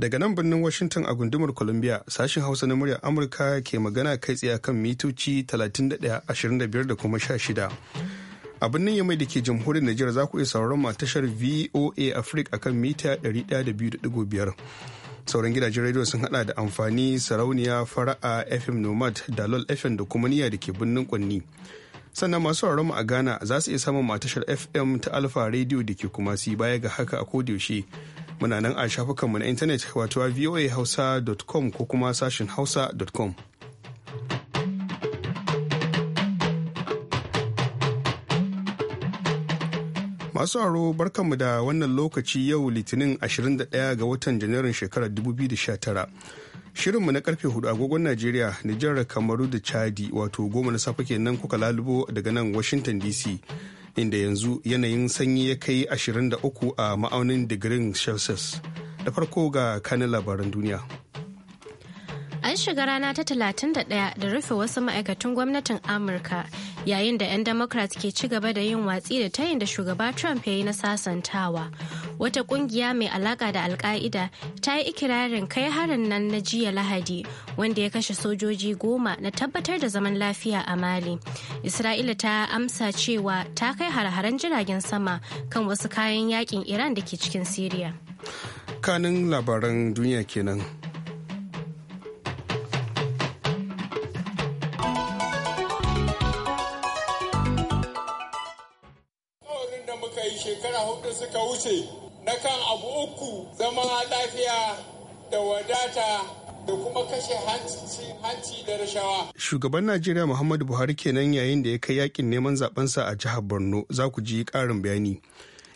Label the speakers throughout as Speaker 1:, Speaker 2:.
Speaker 1: Daga nan birnin Washington a gundumar Columbia sashen Hausa na muryar Amurka ke magana kai tsaye kan mitoci 31.25 da kuma 16. a birnin yamai da ke jamhuriyar Najeriya za ku iya sauraron ma tashar VOA Africa akan mita 102.5. Sauran gidajen rediyo sun hada da amfani sarauniya fara'a FM Nomad da LOL FM da kuma niyya da ke birnin Kwanni. Sannan masu sauraron mu a Ghana za su iya samun ma tashar FM ta alfa Radio da ke kuma baya ga haka a kodayaushe muna nan a shafukanmu na intanet wato voahausa.com ko kuma sashin hausa.com masu aro barkanmu da wannan lokaci yau litinin 21 ga watan janairun shekarar 2019 shirinmu na karfe 4 agogon najeriya nijar kamaru da chadi wato goma na safe kenan kuka lalubo daga nan washington dc inda yanzu yanayin sanyi ya kai 23 a ma'aunin digirin celsius da farko ga kanin labaran duniya
Speaker 2: an shiga rana ta 31 da rufe wasu ma'aikatan gwamnatin amurka yayin da 'yan democrats ke ci gaba da yin watsi da tayin da shugaba trump ya yi na sasantawa wata kungiya mai alaka da alka'ida ta yi ikirarin kai harin nan na jiya lahadi wanda ya kashe sojoji goma na tabbatar da zaman lafiya a mali isra'ila ta amsa cewa ta kai har-haren jiragen sama kan wasu kayan yakin iran da ke cikin syria
Speaker 1: kanin labaran duniya kenan shekara hudu suka wuce na
Speaker 3: kan abu uku zama lafiya da wadata da kuma kashe
Speaker 4: hanci da rashawa.
Speaker 1: Shugaban Najeriya Muhammadu Buhari kenan yayin da ya kai yakin neman zabensa a jihar Borno za ku ji ƙarin bayani.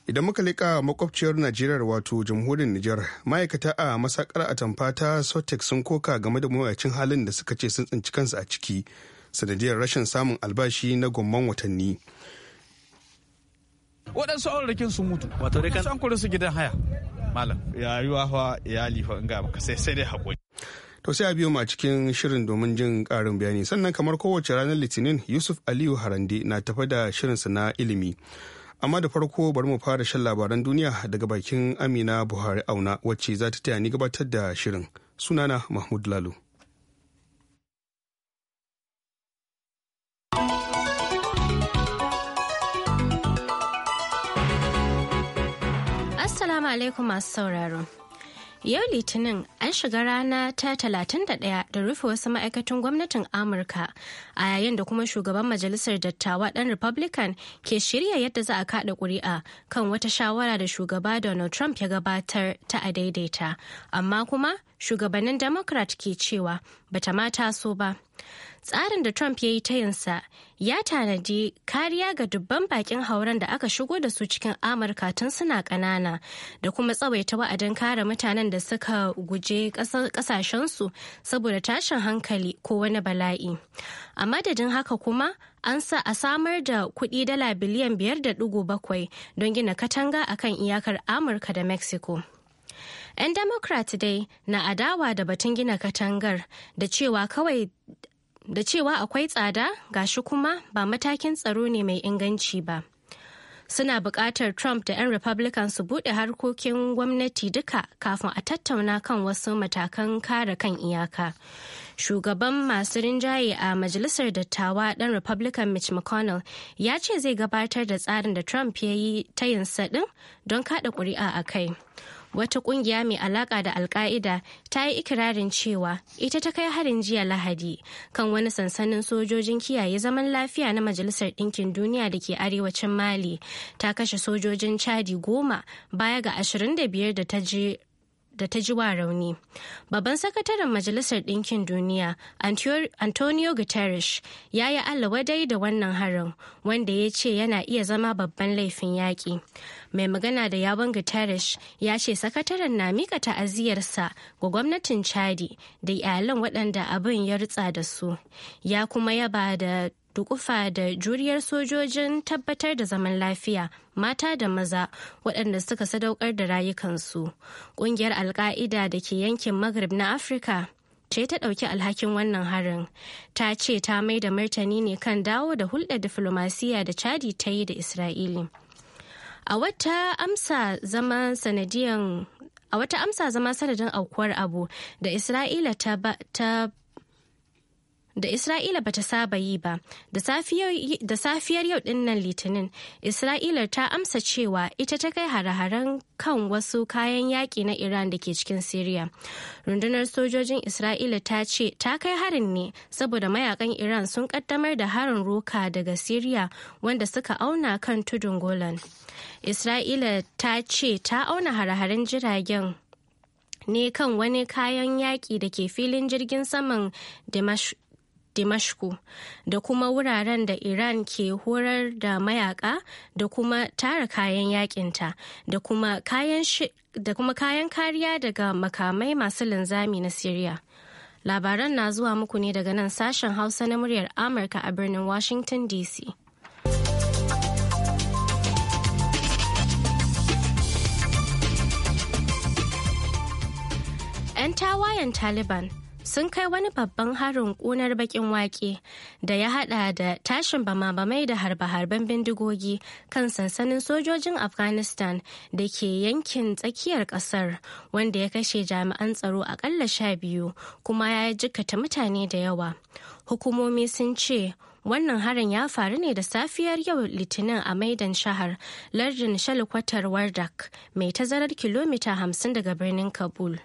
Speaker 1: Idan muka leƙa makwabciyar Najeriya wato jamhuriyar Nijar, ma'aikata a masakar atamfa ta Sotex sun koka game da mawuyacin halin da suka ce sun tsinci kansu a ciki, sanadiyar rashin samun albashi na gomman watanni.
Speaker 5: waɗansu aurakin sun mutu wato dai kan kuri su gidan haya
Speaker 1: malam rayuwa fa iyali fa in ga maka sai sai dai hakuri to sai a biyo ma cikin shirin domin jin ƙarin bayani sannan kamar kowace ranar litinin yusuf aliyu harande na tafa da shirinsa na ilimi amma da farko bari mu fara shan labaran duniya daga bakin amina buhari auna wacce za ta taya ni gabatar da shirin sunana mahmud lalu
Speaker 2: alaikum masu sauraro. Yau Litinin an shiga rana ta 31 da rufe wasu ma'aikatan gwamnatin Amurka a yayin da kuma shugaban majalisar dattawa ɗan Republican ke shirya yadda za a kaɗa ƙuri'a kan wata shawara da shugaba Donald Trump ya gabatar ta a daidaita. Amma kuma shugabannin Democrat ke cewa bata ma taso ba. Tsarin da Trump ya yi tayinsa ya tanadi kariya ga dubban bakin hauren da aka shigo da su cikin Amurka tun suna ƙanana da kuma tsawaita wa'adin kare mutanen da suka guje ƙasashensu saboda tashin hankali ko wani bala'i. A madadin haka kuma an sa a samar da kuɗi dala biliyan biyar da bakwai don gina katanga akan iyakar Amurka da Mexico. 'yan democrat dai na adawa da batun gina katangar da cewa kawai da cewa akwai tsada ga shi kuma ba matakin tsaro ne mai inganci ba suna buƙatar trump da 'yan republican su buɗe harkokin gwamnati duka kafin a tattauna kan wasu matakan kare kan iyaka shugaban masu rinjaye a majalisar dattawa ɗan republican mitch mcconnell ya ce zai gabatar da tsarin da trump ya yi yin saɗin don kaɗa ƙuri'a a kai wata kungiya mai alaka da alka'ida ta yi ikirarin cewa ita ta kai harin jiya lahadi kan wani sansanin sojojin kiyaye zaman lafiya na majalisar ɗinkin duniya da ke arewacin mali ta kashe sojojin chadi goma baya ga 25 da ta je da ta ji wa rauni. Babban sakataren Majalisar Ɗinkin Duniya, Antonio Guterres, ya yi wadai da wannan harin, wanda ya ce yana iya zama babban laifin yaƙi. Mai magana da yawon Guterres ya ce sakataren na mika ta'aziyarsa ga gwamnatin Chadi da iyalan waɗanda abin ya rutsa da su. Ya kuma yaba da dukufa da juriyar sojojin tabbatar da zaman lafiya mata da maza waɗanda suka sadaukar da rayukansu ƙungiyar alka'ida da ke yankin maghrib na afirka ce ta ɗauki alhakin wannan harin ta ce ta mai da martani ne kan dawo da hulɗar diflomasiyya da chadi ta yi da isra'ili a wata amsa zama sanadiyan a wata amsa zama sanadin aukuwar abu da isra'ila ta da Isra'ila ba ta saba yi ba. Da safiyar yau dinnan Litinin, Isra'ila ta amsa cewa ita ta kai hare kan wasu kayan yaƙi na Iran da ke cikin Siriya. Rundunar sojojin Isra'ila ta ce ta kai harin ne saboda mayakan Iran sun kaddamar da harin roka daga Siriya wanda suka auna kan tudun Golan. Isra'ila ta ce ta auna hare jiragen ne kan wani kayan yaƙi da ke filin jirgin saman Dimash Dimashku da kuma wuraren da Iran ke horar da mayaka da kuma tara kayan yakinta da kuma kayan kariya daga makamai masu linzami na Syria Labaran na zuwa muku ne daga nan sashen Hausa na muryar Amurka a birnin Washington DC. ‘Yan tawayen Taliban sun kai wani babban harin ƙunar bakin wake da ya hada da tashin bama-bamai da harbe-harben bindigogi kan sansanin sojojin afghanistan da ke yankin tsakiyar ƙasar wanda ya kashe jami'an tsaro akalla sha biyu kuma ya jikkata mutane da yawa hukumomi sun ce wannan harin ya faru ne da safiyar yau litinin a maidan shahar lardin shalikwatar wardak mai tazarar kilomita 50 daga birnin kabul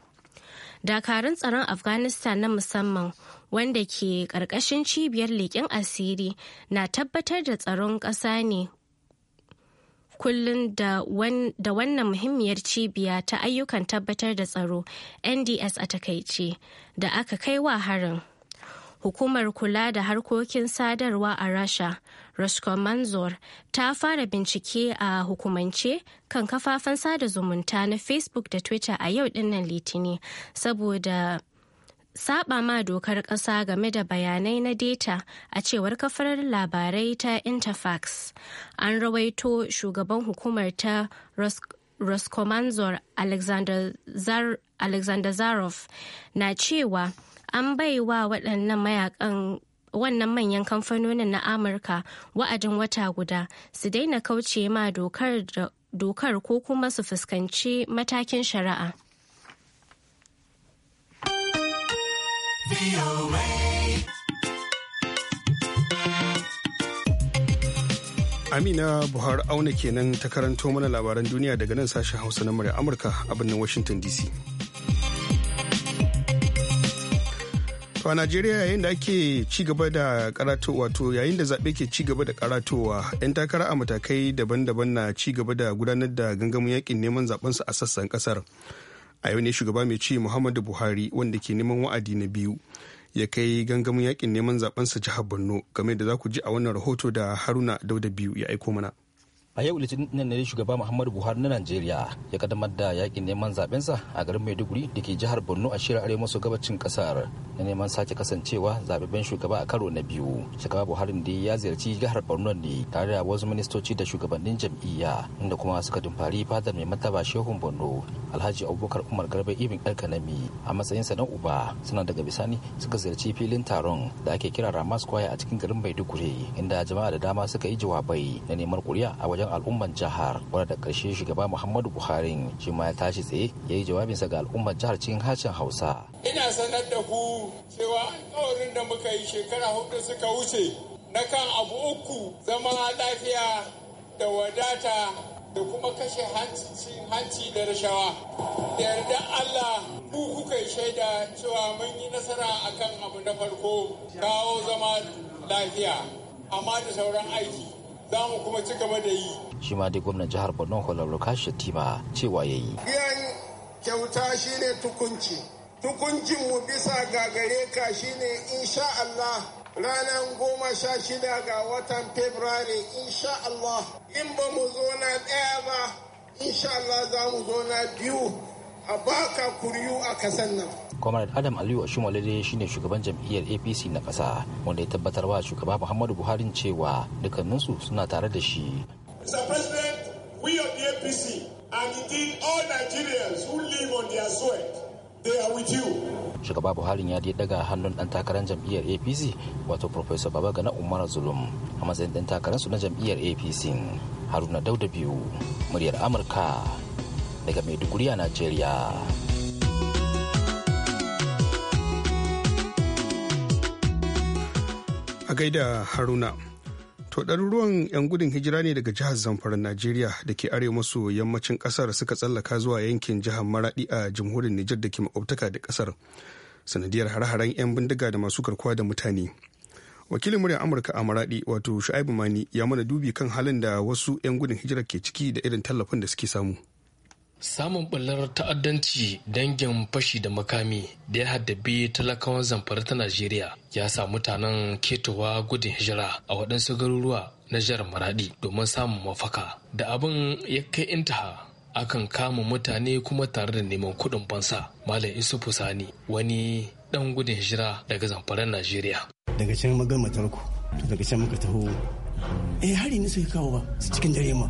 Speaker 2: dakarun tsaron afghanistan na musamman wanda ke ƙarƙashin cibiyar leƙen asiri na tabbatar da tsaron ƙasa ne kullum da wannan muhimmiyar cibiya ta ayyukan tabbatar da tsaro nds a takaice da aka kai wa harin hukumar kula da harkokin sadarwa a rasha roscoe ta fara bincike a hukumance kan kafafen sada zumunta na facebook da twitter a yau dinnan litini saboda saba ma dokar ƙasa game da bayanai na data a cewar kafar labarai ta interfax an rawaito shugaban hukumar ta roscomanzor alexander zarov na cewa an bai wa waɗannan mayakan wannan manyan kamfanonin na amurka wa'adin wata guda su daina kauce ma dokar ko kuma su fuskanci matakin shari'a.
Speaker 1: Amina Buhar auna kenan ta karanto mana labaran duniya daga nan sashen Hausa na murya Amurka a birnin Washington DC. a Najeriya yayin da ake ci gaba da karatu wato yayin da zaɓe ke ci gaba da karatowa 'yan takara a matakai daban-daban na ci gaba da gudanar da gangamin yakin neman zaɓensu a sassan kasar. A yau ne shugaba mai ci Muhammadu Buhari wanda ke neman wa'adi na biyu ya kai gangamin yakin neman zaɓensa jihar Borno game da za ku ji a wannan rahoto da Haruna Dauda
Speaker 6: biyu ya aiko mana. a yau litinin ne shugaba muhammadu buhari na najeriya ya kaddamar da yakin neman zabensa a garin maiduguri da ke jihar borno a shirin arewa maso gabacin kasar na neman sake kasancewa zababben shugaba a karo na biyu shugaba buhari da ya ziyarci jihar borno ne tare da wasu ministoci da shugabannin jam'iyya inda kuma suka dumfari fadar mai mataba shehun borno alhaji abubakar umar garba ibn alkanami a matsayinsa na uba suna daga bisani suka ziyarci filin taron da ake kira ramas kwaya a cikin garin maiduguri inda jama'a da dama suka yi jawabai na neman Kuriya a wajen kan al'ummar jihar wadda da karshe shugaba muhammadu buhari shi ma ya tashi tsaye ya yi jawabinsa ga al'ummar jihar cikin harshen hausa
Speaker 3: ina sanar da ku cewa alkawarin da muka yi shekara hudu suka wuce na kan abu uku zama lafiya da wadata da kuma kashe hanci da rashawa da yarda allah mu kuka yi shaida cewa mun yi nasara akan abu na farko kawo zama lafiya amma da sauran aiki za mu kuma ci gaba da yi.
Speaker 6: Shi ma dai gwamnan jihar Borno Holalu tima cewa ya yi.
Speaker 3: Biyan
Speaker 1: kyauta shi ne tukunci. Tukuncin mu bisa ga gare ka
Speaker 7: ne, insha Allah ranar goma sha shida ga watan Fabrairu insha Allah. In ba mu zo na ɗaya ba insha Allah za mu zo na biyu. a baka kuryu a kasan nan
Speaker 6: comrade adam aliyu shi ne shugaban jam'iyyar apc na ƙasa wanda ya tabbatar wa shugaba muhammadu buhari cewa dukkaninsu suna tare da shi
Speaker 1: mr president we of the apc and indeed all
Speaker 3: nigerians who live on their soil they are with you
Speaker 6: shugaba buhari ya dai daga hannun dan takarar jam'iyyar apc wato professor Gana umar zulum a matsayin dan takararsu na jam'iyyar apc haruna dauda biyu muryar amurka daga Maiduguri a Najeriya.
Speaker 1: A gaida Haruna. To ɗaruruwan 'yan gudun hijira ne daga jihar Zamfara Najeriya da ke arewa maso yammacin ƙasar suka tsallaka zuwa yankin jihar Maraɗi a jamhuriyar Nijar da ke makwabtaka da ƙasar. Sanadiyar hare-haren 'yan bindiga da masu karkuwa da mutane. wakilin muryar amurka a maraɗi wato shu'aibu mani ya mana dubi kan halin da wasu 'yan gudun hijira ke ciki da irin tallafin da suke samu
Speaker 5: Samun ɓullar ta'addanci dangin fashi da makami da ya haddabi talakawan zamfara ta Najeriya ya sa mutanen ketowa gudun hijira a waɗansu garuruwa na jihar Maradi domin samun mafaka. Da abin ya kai intaha akan kama mutane kuma tare da neman kuɗin fansa. Malam Isufu Sani wani ɗan gudun hijira daga zamfaran Najeriya.
Speaker 3: Daga can magar daga can muka taho. Eh hari ne suka kawo ba, su cikin dare ma.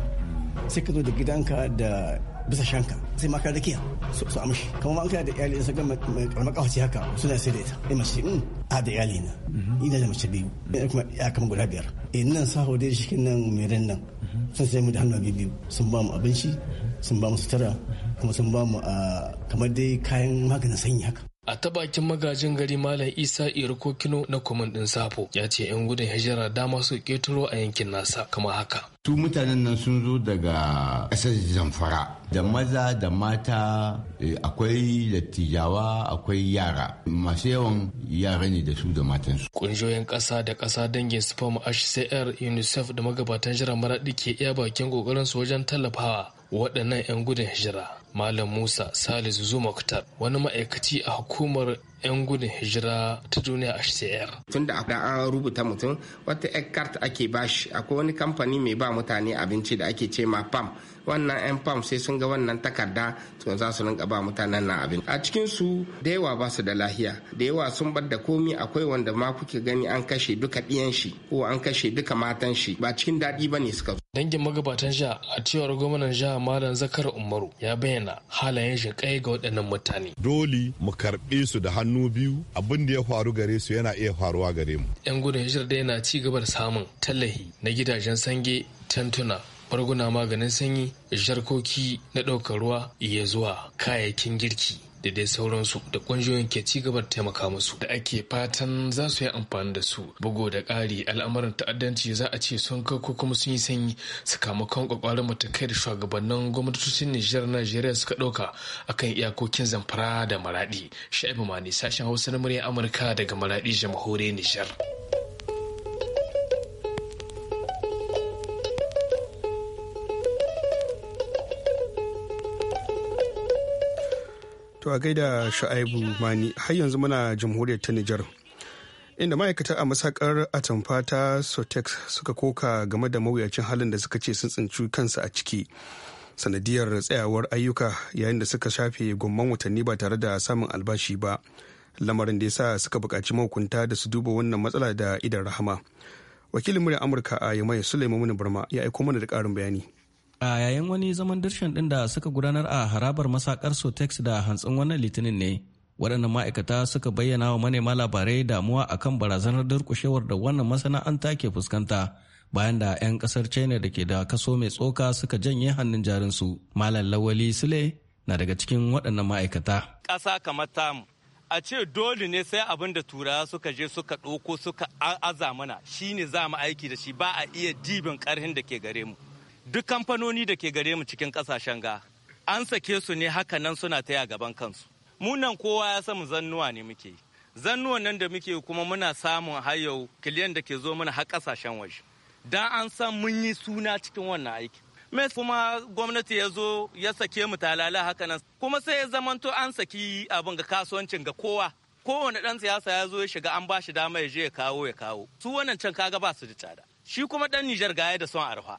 Speaker 3: Sai ka zo da gidanka da bisa shanka sai maka rakiya su amshi kamar an kai da iyali sun gama karamar kawace haka suna sai da ita ai mace in mm, a da iyali na mhm. ina da mace biyu ina kuma ya kama guda biyar in eh, nan sa hode shi nan mai ran nan mhm. sun sai mu da hannu biyu sun ba mu abinci mhm. sun ba mu sutura kuma sun ba mu ah, kamar dai kayan maganin sanyi haka
Speaker 5: a ta bakin magajin gari malam isa irkokino kino na kwamin din safo ya ce yan gudun hijira dama su ketaro a yankin nasa kama haka
Speaker 7: su mutanen nan sun zo daga ƙasar zamfara da maza da mata
Speaker 5: eh, akwai dattijawa akwai yara masu yawan yara ne da su da matansu ƙungiyoyin ƙasa da ƙasa dangin sufam hcr unicef da magabatan jiran maraɗi ke iya bakin su wajen tallafawa waɗannan 'yan gudun hijira malam musa salisu zumaktar wani ma'aikaci a hukumar 'yan gudun hijira ta duniya hcr tun da an rubuta mutum wata ekart ake bashi akwai wani kamfani
Speaker 1: mai ba mutane abinci da ake ce ma pam wannan 'yan fam sai sun ga wannan takarda to za su rinka ba mutanen nan abin a cikin su da yawa ba su da lahiya da yawa sun bar da komi
Speaker 5: akwai wanda ma kuke gani an kashe duka ɗiyan shi ko an kashe duka matan shi ba cikin daɗi ba ne suka dangin magabatan jiha a cewar gwamnan jiha malam zakar umaru ya bayyana halayen shi kai ga waɗannan mutane dole
Speaker 7: mu karɓe su da hannu biyu abin da ya faru gare su yana iya faruwa gare mu
Speaker 5: yan gudun hijira da yana ci gaba da samun tallahi na gidajen sange tantuna barguna maganin sanyi sharkoki na ɗaukar ruwa iya zuwa kayayyakin girki da dai sauransu da ƙungiyoyin ke ci gaba da taimaka musu da ake fatan za su yi amfani da su bugu da ƙari al'amarin ta'addanci za a ce sun kai ko kuma sun yi sanyi sakamakon kwakwarin matakai da shugabannin gwamnatocin Nijar Najeriya suka ɗauka akan iyakokin zamfara da maraɗi sha'ibu mani sashen hausa na murya amurka daga maraɗi
Speaker 8: jamhuriyar Nijar.
Speaker 1: To a gaida Shu'aibu Mani har yanzu muna jamhuriyar ta Nijar. Inda ma'aikata a masakar atamfa ta Sotex suka koka game da mawuyacin halin da suka ce sun tsinci kansu a ciki. Sanadiyar tsayawar ayyuka yayin da suka shafe gomman watanni ba tare da samun albashi ba. Lamarin da ya sa suka buƙaci mahukunta da su duba wannan matsala da idan rahama. Wakilin muryar Amurka a Yamai Suleiman Barma ya aiko mana da ƙarin bayani.
Speaker 9: a yayin wani zaman dirshan din da suka gudanar a harabar masakar sotex da hantsin wannan litinin ne waɗannan ma'aikata suka bayyana wa manema labarai damuwa a kan barazanar durkushewar da wannan masana'anta ke fuskanta bayan da 'yan ƙasar china da ke da kaso mai tsoka suka janye hannun jarinsu malam lawali sule na daga cikin waɗannan ma'aikata
Speaker 3: ƙasa kamar tamu a ce dole ne sai abin da turawa suka je suka ɗauko suka aza mana shine za mu aiki da shi ba a iya dibin ƙarhin da ke gare mu duk kamfanoni da ke gare mu cikin kasashen ga an sake su ne haka nan suna taya gaban kansu munan kowa ya san zannuwa ne muke zannuwan nan da muke kuma muna samun hayau kiliyan da ke zo mana har kasashen waje dan an san mun yi suna cikin wannan aiki me kuma gwamnati ya zo ya sake mu talala haka nan kuma sai ya zamanto an saki abin ga kasuwancin ga kowa kowane dan siyasa ya zo ya shiga an bashi dama ya je ya kawo ya kawo su wannan can kaga ba su da tsada shi kuma dan Nijar gaya da son arfa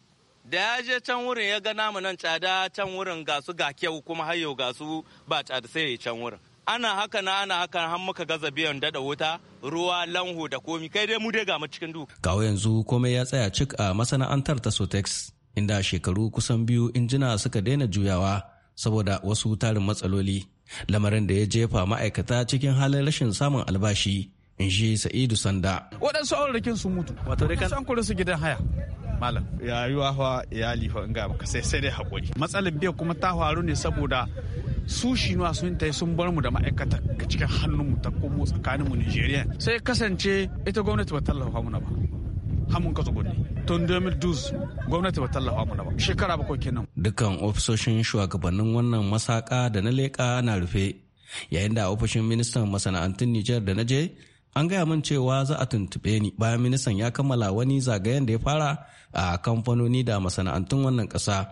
Speaker 3: da ya je can wurin ya ga namu nan tsada can wurin ga su ga kyau kuma hayo yau ga su ba tsada sai ya can wurin ana haka na ana haka har muka gaza biyan dada wuta ruwa lanhu da komi kai dai mu dai ga mu cikin duhu
Speaker 9: kawo yanzu komai ya tsaya cik a masana'antar ta sotex inda shekaru kusan biyu injina suka daina juyawa saboda wasu tarin matsaloli lamarin da ya jefa ma'aikata cikin halin rashin samun albashi in shi sa'idu sanda
Speaker 5: waɗansu aurarakin sun mutu wato dai kan kuri su gidan haya malam rayuwa fa iyali fa in ga maka sai sai dai hakuri matsalar biyar kuma ta faru ne saboda
Speaker 1: su nuwa sun tai sun bar mu da ma'aikata ga cikin hannunmu ta komo mu nigeria sai kasance ita gwamnati ba tallafa mu na ba hamun ka tsugunni tun 2012
Speaker 5: gwamnati ba tallafa mu na ba shekara bakwai kenan
Speaker 9: dukkan ofisoshin shugabannin wannan masaka da na leƙa na rufe yayin da ofishin ministan masana'antun Nijar da na je an gaya min cewa za a tuntuɓe ni bayan ministan ya kammala wani zagayen da ya fara a kamfanoni da masana'antun wannan ƙasa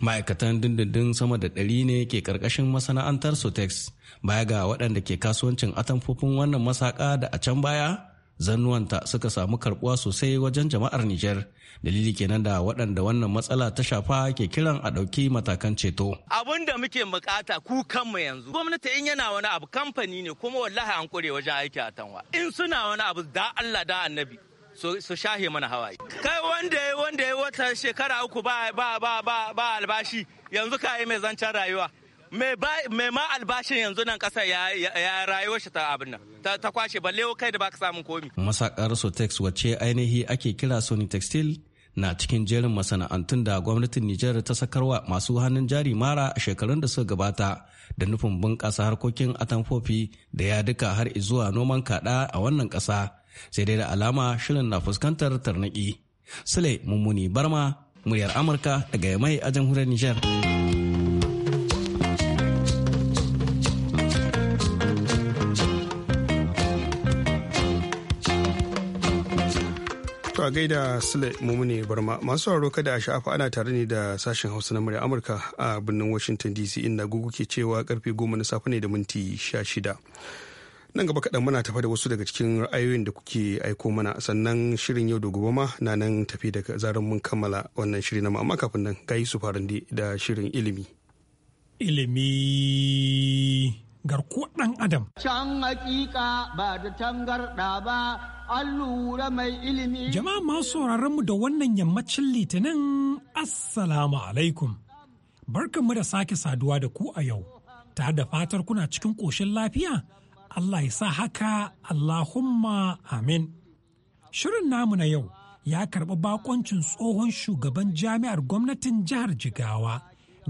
Speaker 9: ma'aikatan dindindin sama da ɗari ne ke ƙarƙashin masana'antar sotex baya ga waɗanda ke kasuwancin atamfofin wannan masaka da a can baya zannuwanta suka samu karbuwa sosai wajen jama'ar Nijar. Dalili kenan da waɗanda wannan matsala ta shafa ke kiran a ɗauki matakan ceto.
Speaker 3: Abin da muke bukata ku kanmu yanzu. Gwamnati in yana wani abu kamfani ne kuma wallahi an kure wajen aiki a tanwa. In suna wani abu da Allah da annabi. su shahe mana hawaye. Kai wanda ya wanda ya wata shekara uku ba ba ba ba albashi yanzu ka yi mai zancen rayuwa. mai ma albashin yanzu nan kasa ya rayuwar shi ta abin nan ta kwashe balle kai da baka
Speaker 9: samun komi masakar sotex wacce ainihi ake kira sony textile na cikin jerin masana'antun da gwamnatin Nijar ta sakarwa masu hannun jari mara a shekarun da suka gabata da nufin bunƙasa harkokin atamfofi da ya duka har zuwa noman kaɗa a wannan ƙasa sai dai da alama shirin na fuskantar tarnaƙi. Sule Mummuni Barma, muryar Amurka daga mai a jamhuriyar Nijar.
Speaker 1: a gaida Sule Mumune Barma masu sauraro kada a sha'afa ana tare ne da sashen Hausa na murya Amurka a birnin Washington DC inda gugu ke cewa karfe goma na safe ne da minti sha shida. Nan gaba kaɗan muna tafa da wasu daga cikin ra'ayoyin da kuke aiko mana sannan shirin yau da gobe ma na nan tafi daga zarar mun kammala wannan shiri na amma kafin nan ga su farande da shirin ilimi.
Speaker 8: Ilimi garkuwar ɗan adam. Can hakika ba da tangarɗa
Speaker 3: ba an lura mai ilimi. Jama'a masu
Speaker 8: sauraron mu da wannan yammacin litinin Assalamu alaikum. mu da sake saduwa da ku a yau, ta da fatar kuna cikin ƙoshin lafiya, Allah ya sa haka Allahumma amin. Shirin namu na yau ya karɓi bakoncin tsohon shugaban jami'ar gwamnatin jihar Jigawa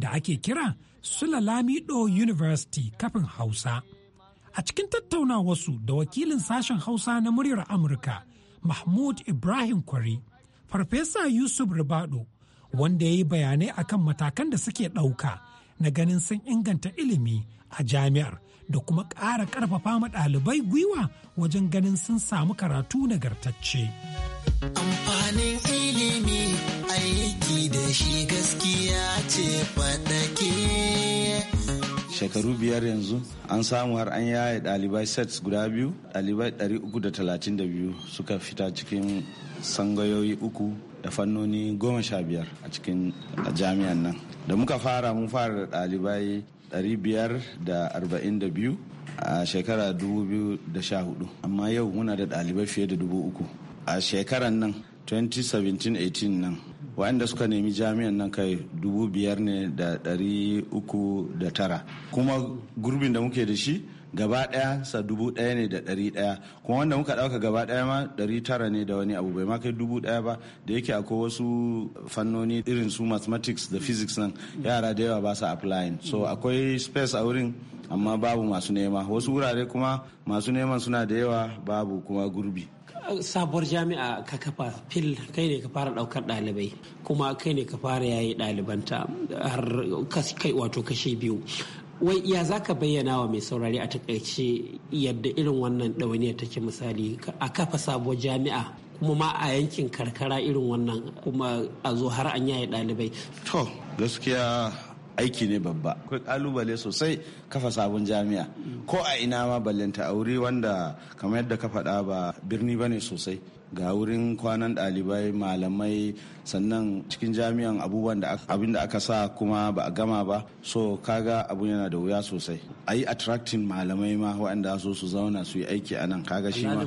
Speaker 8: da ake kira Sulalamido University kafin Hausa. A cikin tattaunawarsu da wakilin sashen Hausa na muryar Amurka, Mahmud Ibrahim Kwari, Farfesa Yusuf Ribado, wanda ya yi bayanai akan matakan da suke ɗauka na ganin sun inganta ilimi a jami'ar da kuma ƙara ƙarfafa ma ɗalibai gwiwa wajen ganin sun samu karatu nagartacce.
Speaker 2: Amfanin ilimi
Speaker 7: aiki da shi gaskiya ce faɗake. Shekaru biyar yanzu an samu har an yaya ɗalibai sets guda biyu, ɗalibai 332 suka fita cikin sangayoyi uku da fannoni goma sha biyar a cikin jami'an nan. Da muka fara mun fara da ɗalibai 542 a shekara 2014 amma yau muna da ɗalibai fiye da dubu uku. a shekaran nan 2017-18 nan wa'anda suka nemi jami'an nan kai dubu biyar ne da dari uku da tara kuma gurbin da muke da shi gaba daya sa dubu daya ne da dari daya kuma wanda muka ɗauka gaba daya ma dari tara ne da wani abu bai ma kai dubu daya ba da yake akwai wasu fannoni irin su mathematics da physics nan yara da yawa ba sa applying so akwai space a wurin amma babu masu nema wasu wurare kuma masu neman suna da yawa babu kuma gurbi
Speaker 3: sabuwar jami'a ka kafa fil kai ne ka fara daukar dalibai kuma kai ne ka fara yayi dalibanta har kai wato kashe biyu wai ya za ka bayyana wa mai saurari a takaice yadda irin wannan ɗawainiyar take misali a kafa sabuwar jami'a kuma ma a yankin karkara irin wannan kuma a zo har
Speaker 7: an yaye ɗalibai to gaskiya aiki ne babba akwai kalubale sosai kafa sabon jami'a ko a ina ma ballanta aure wanda kamar yadda ka faɗa ba birni bane sosai ga wurin kwanan ɗalibai malamai sannan cikin jami'an abubuwan da abin da aka sa kuma ba a gama ba so kaga abu yana da wuya sosai a yi attracting malamai ma waɗanda so su zauna su yi aiki a nan kaga shi ma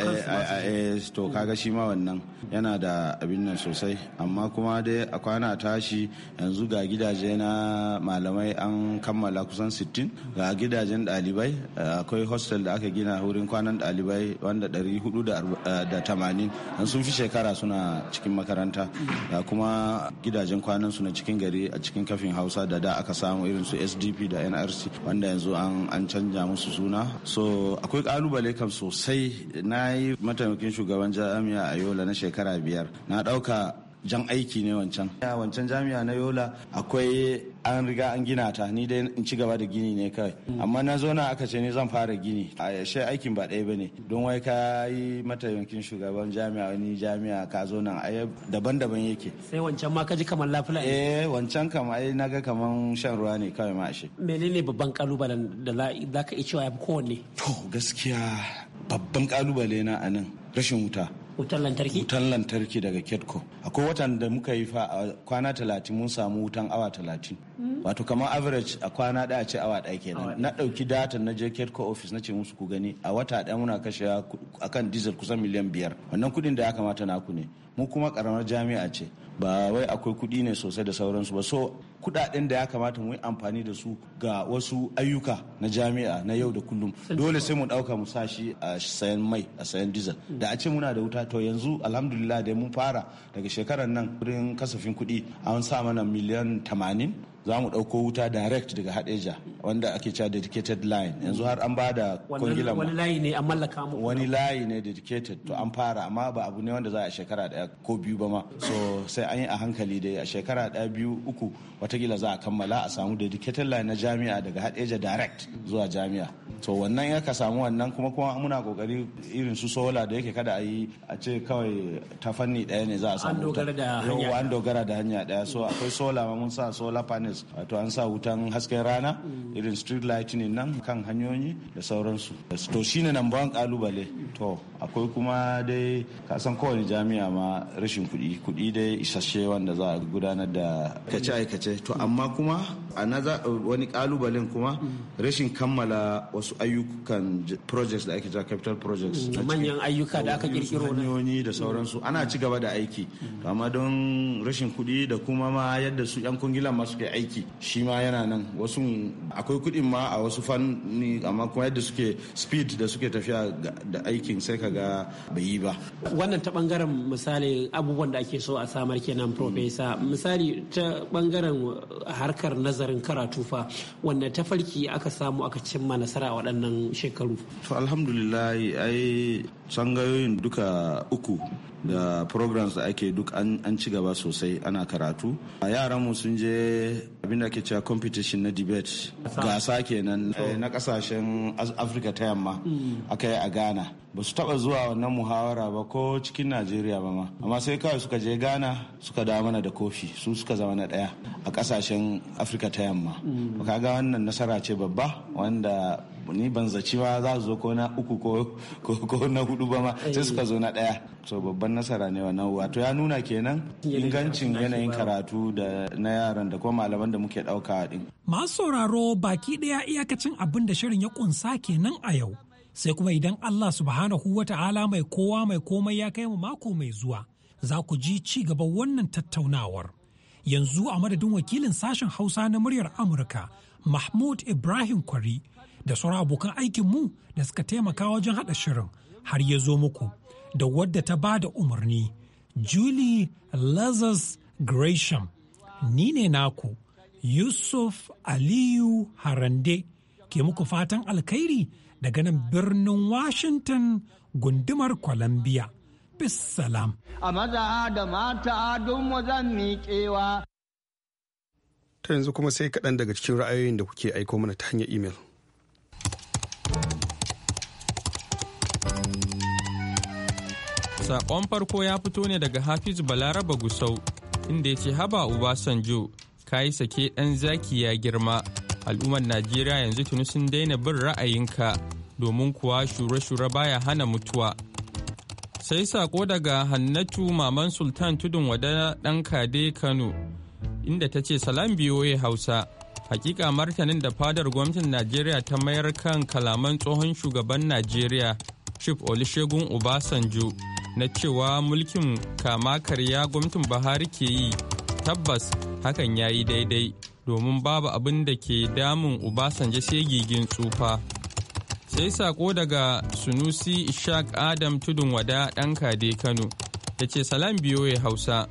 Speaker 7: eh, eh, eh, to kaga shi ma wannan yana da abin nan sosai amma kuma dai a kwana tashi yanzu ga gidaje na malamai an kammala kusan 60 ga gidajen ɗalibai akwai hostel da aka gina wurin kwanan ɗalibai wanda tamanin an sun fi shekara suna cikin makaranta da kuma gidajen kwanan su na cikin gari a cikin kafin hausa da da aka samu irin su sdp da nrc wanda yanzu an canja musu suna so akwai kalubale kam sosai na yi mataimakin shugaban jami'a a yola na shekara biyar na ɗauka jan aiki ne wancan wancan jami'a na yola akwai an riga an gina ta ni dai in ci gaba da gini ne kawai mm. amma na zo na aka ce ni zan fara gini a yashe aikin ba ɗaya bane don wai ka yi mataimakin shugaban jami'a wani jami'a ka zo nan ai daban-daban yake sai wancan ma ka ji kamar lafula eh wancan kam ai naga kaman shan ruwa ne kawai ma ashe. menene babban kalubalen da za ka iya cewa ya fi kowanne to gaskiya babban kalubale na anan rashin wuta Wutan lantarki wutar lantarki daga ketco akwai watan da muka yi fa a kwana talatin mun samu wutan awa talatin wato kamar average a kwana ɗaya ce awa ɗaya kenan na ɗauki data na je ko office na ce musu ku gani a wata ɗaya muna kashe akan diesel kusan miliyan biyar wannan kuɗin da ya kamata naku ne mu kuma karamar jami'a ce ba wai akwai kuɗi ne sosai da sauransu ba so kuɗaɗen da ya kamata mu yi amfani da su ga wasu ayyuka na jami'a na yau da kullum dole sai mu ɗauka mu sashi a sayan mai a sayan diesel mm. da a ce muna da wuta to yanzu alhamdulillah da mun fara daga shekarar nan wurin kasafin kuɗi an sa mana miliyan tamanin za mu ɗauko wuta direct daga hadeja wanda ake cewa dedicated line yanzu har an ba da kwangilan wani layi ne an mallaka mu wani layi ne dedicated to an fara amma ba abu ne wanda za a shekara daya ko biyu ba ma so sai an yi a hankali dai a shekara daya biyu uku watakila za a kammala a samu dedicated line na jami'a daga hadeja direct zuwa jami'a to wannan ya ka samu wannan kuma kuma muna kokari irin su sola da yake kada a yi a ce kawai ta fanni daya ne za a samu an dogara da hanya daya so akwai sola ma mun sa sola panel lights wato an sa wutan hasken rana irin street lighting nan kan hanyoyi da sauransu to shine nan ban kalubale to akwai kuma dai ka san kowane jami'a ma rashin kuɗi kuɗi dai isasshe wanda za a gudanar da kace-aikace to amma kuma a wani kalubalen kuma rashin kammala wasu ayyukan projects da ake ja capital projects mm, manyan ayyuka da aka kirkiro hanyoyi da sauransu ana ci gaba da aiki amma don rashin kuɗi da kuma ma yadda su yan kungilan ma suke aiki aiki shi ma yana nan wasu akwai kuɗin ma a wasu fanni amma kuma yadda suke speed da suke tafiya da aikin sai ka ga bai yi ba
Speaker 3: wannan ta bangaren misali abubuwan da ake so a samar kenan profesa mm. misali ta bangaren harkar nazarin karatu fa wanda ta farki aka samu aka cimma nasara a waɗannan shekaru
Speaker 7: to alhamdulillah ai sangayoyin duka uku da programs da ake duk an ci gaba sosai ana karatu a mu sun je abin da ake cewa competition na debate gasa kenan eh, na kasashen afirka ta yamma mm. aka yi a ghana ba su taba zuwa wannan muhawara ba ko cikin najeriya ba ma amma sai kawai suka je ghana suka dawo mana da kofi su suka zama na daya a kasashen afirka ta yamma mm. kaga wannan nasara ce babba wanda ni ban zaci ba za su zo ko na uku ko na hudu ba ma sai suka zo na daya so babban nasara ne wannan wato ya nuna kenan ingancin yanayin karatu da na yaran da kuma malaman da muke dauka din
Speaker 8: masu sauraro baki daya iyakacin abin da shirin ya kunsa kenan a yau sai kuma idan Allah subhanahu wa ta'ala mai kowa mai komai ya kai mu mako mai zuwa za ku ji ci gaban wannan tattaunawar yanzu a madadin wakilin sashen hausa na muryar amurka Mahmud Ibrahim Kwari da sauran abokan aikin mu da suka taimaka wajen haɗa shirin har ya zo muku da wadda ta ba da umarni Julie Lazarus Gresham. Ni ne naku Yusuf Aliyu Harande ke muku fatan alkhairi daga nan birnin Washington gundumar Columbia. bis salam.
Speaker 5: A maza da mata don mu zan miƙewa.
Speaker 1: ta yanzu kuma sai kaɗan daga cikin ra'ayoyin da kuke aiko mana ta
Speaker 4: hanyar imel. saƙon farko ya fito ne daga Hafiz Balaraba Gusau, inda ya ce haba Ubasanjo, yi sake ɗan zaki ya girma. Al'ummar Najeriya yanzu tuni sun daina bin ra'ayinka, domin kuwa shure-shure baya hana mutuwa. Sai saƙo daga Hannatu Maman Sultan Tudun Wada ɗan Kade Kano. inda ta ce salam biyoye hausa hakika martanin da fadar gwamnatin najeriya ta mayar kan kalaman tsohon shugaban najeriya chief olusegun obasanjo na cewa mulkin kama karya gwamnatin buhari ke yi tabbas hakan ya yi daidai domin babu abin da ke damun obasanjo sai gigin tsufa sai sako daga sunusi ishak adam tudun wada ɗan kade kano ya ce salam biyoye hausa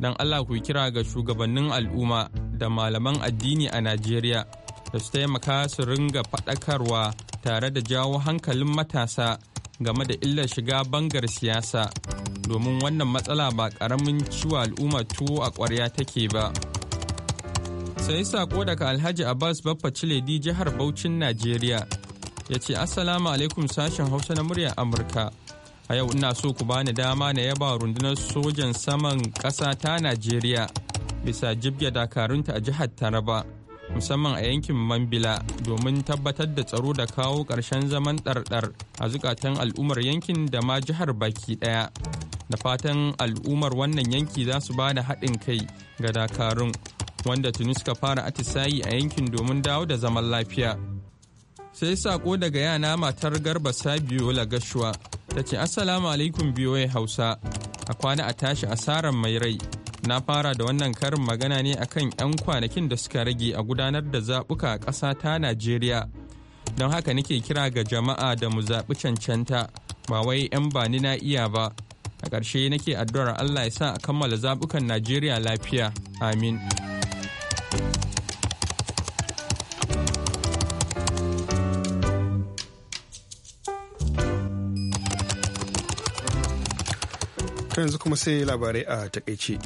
Speaker 4: don allah ku kira ga shugabannin al'umma da malaman addini a najeriya da su taimaka su ringa faɗakarwa tare da jawo hankalin matasa game da illar shiga bangar siyasa domin wannan matsala ba ƙaramin ciwo al'umma tuwo a ƙwarya take ba. sai sako daga alhaji abbas baffa ciledi jihar baucin najeriya ya ce assalamu alaikum sashen hausa na muryar amurka a yau ina so ku bani dama na yaba rundunar sojan saman ƙasa ta najeriya bisa jibge dakarunta a jihar taraba musamman a yankin mambila domin tabbatar da tsaro da kawo ƙarshen zaman ɗarɗar a zukatan al'ummar yankin da ma jihar baki ɗaya da fatan al'ummar wannan yanki za su ba da haɗin kai ga dakarun wanda tuni suka fara atisayi a yankin domin dawo da zaman lafiya. sai sako daga yana matar garba sabiyo lagashuwa ta ce assalamu alaikum biyoyi hausa a kwana a tashi asarar mai rai na fara da wannan karin magana ne akan 'yan kwanakin da suka rage a gudanar da zabuka a ƙasa ta najeriya don haka nake kira ga jama'a da mu zaɓi cancanta ba wai 'yan bani na iya ba a ƙarshe nake addu'ar allah ya sa a kammala zaɓukan najeriya lafiya amin
Speaker 1: yanzu kuma sai labarai a takaice.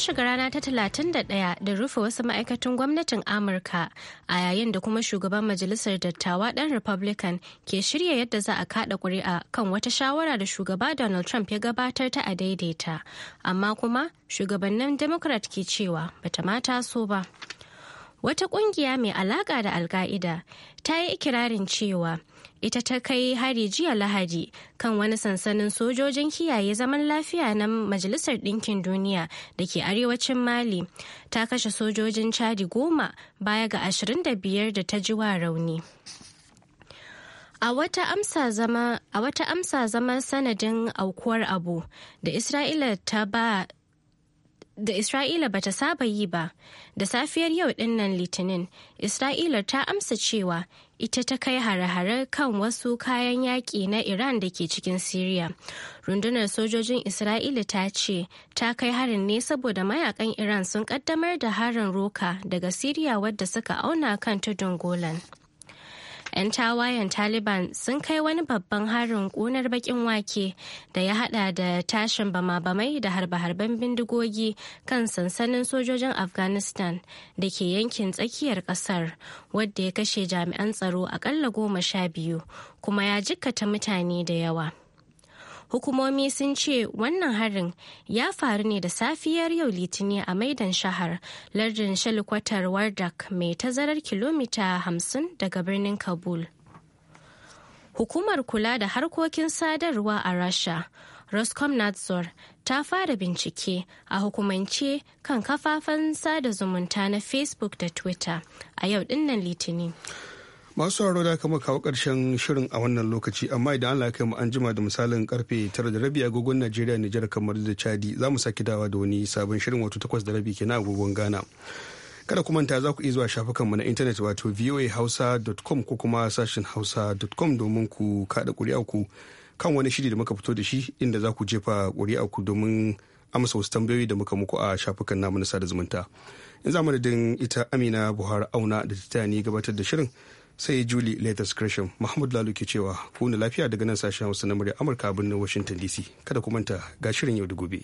Speaker 2: shiga rana ta 31 da rufe wasu ma'aikatan gwamnatin Amurka a yayin da kuma shugaban majalisar dattawa ɗan Republican ke shirya yadda za a kaɗa ƙuri'a kan wata shawara da shugaba Donald Trump ya gabatar ta a daidaita. Amma kuma shugabannin Democrat ke cewa bata ma taso ba. Wata ƙungiya mai alaƙa da Alka'ida ta yi ikirarin cewa ita ta kai hari jiya lahadi kan wani sansanin sojojin kiyaye zaman lafiya na majalisar ɗinkin duniya da ke arewacin mali ta kashe sojojin chadi goma baya ga 25 da ta ji wa rauni A wata amsa zama, zama sanadin aukuwar abu da Isra'ila ta ba da Isra'ila ba ta saba yi ba, da safiyar yau dinnan Litinin, Isra'ila ta amsa cewa ita ta kai hare-hare kan wasu kayan yaƙi na Iran da ke cikin Siriya. Rundunar sojojin Isra'ila ta ce ta kai harin ne saboda mayakan Iran sun ƙaddamar da harin roka daga Siriya wadda suka auna kan tudun Golan. 'yan tawayen taliban sun kai wani babban harin ƙunar bakin wake da ya hada da tashin bama-bamai da harbe-harben bindigogi kan sansanin sojojin afghanistan da ke yankin tsakiyar kasar wadda ya kashe jami'an tsaro akalla goma sha biyu kuma ya jikkata mutane da yawa hukumomi sun ce wannan harin ya faru ne da safiyar yau litini a maidan shahar lardin shalikwatar wardak mai tazarar kilomita 50 daga birnin kabul hukumar kula da harkokin sadarwa a rasha roskomnadzor ta fara bincike a hukumance kan kafafen sada zumunta na facebook da twitter a yau dinnan litinin
Speaker 1: masu sauraro da kama kawo karshen shirin a wannan lokaci amma idan Allah kai mu an jima da misalin karfe tara da rabi agogon Najeriya Nijar kamar da Chadi za mu saki dawa da wani sabon shirin wato takwas da rabi kenan agogon Ghana kada ku manta za ku iya zuwa mu na intanet wato voahausa.com ko kuma sashin hausa.com domin ku kada ƙuri'a ku kan wani shiri da muka fito da shi inda za ku jefa ƙuri'a ku domin amsa wasu tambayoyi da muka muku a shafukan namu na sada zumunta in za mu ita amina buhari auna da ta gabatar da shirin sai julie latest gresham mahmud lalu ke cewa kuna lafiya daga nan sashen hausa na murya amurka birnin washington dc kada ku manta ga shirin yau da gobe.